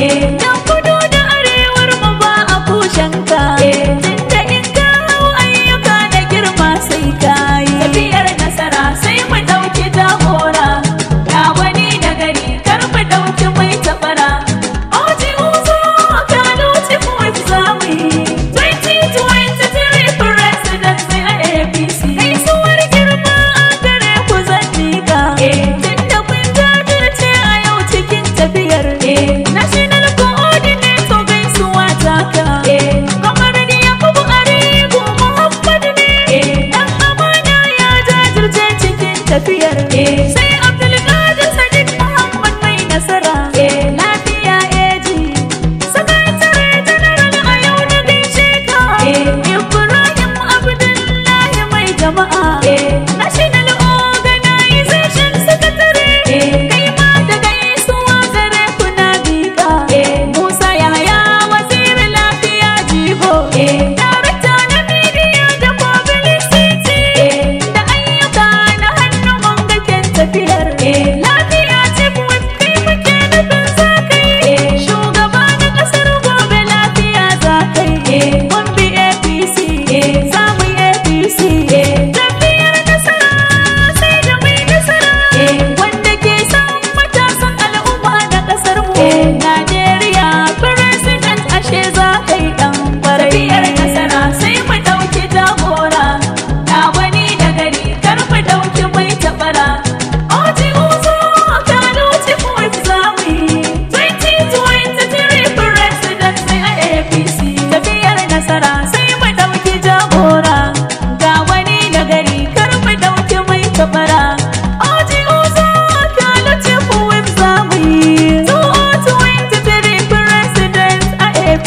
yeah. sai abdulkadir sadiq muhammad mai nasara e, lafiya eji sakatare janaral a yau na gaishe ka e, ibrahim abdullahi mai jama'a e,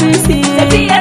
to see.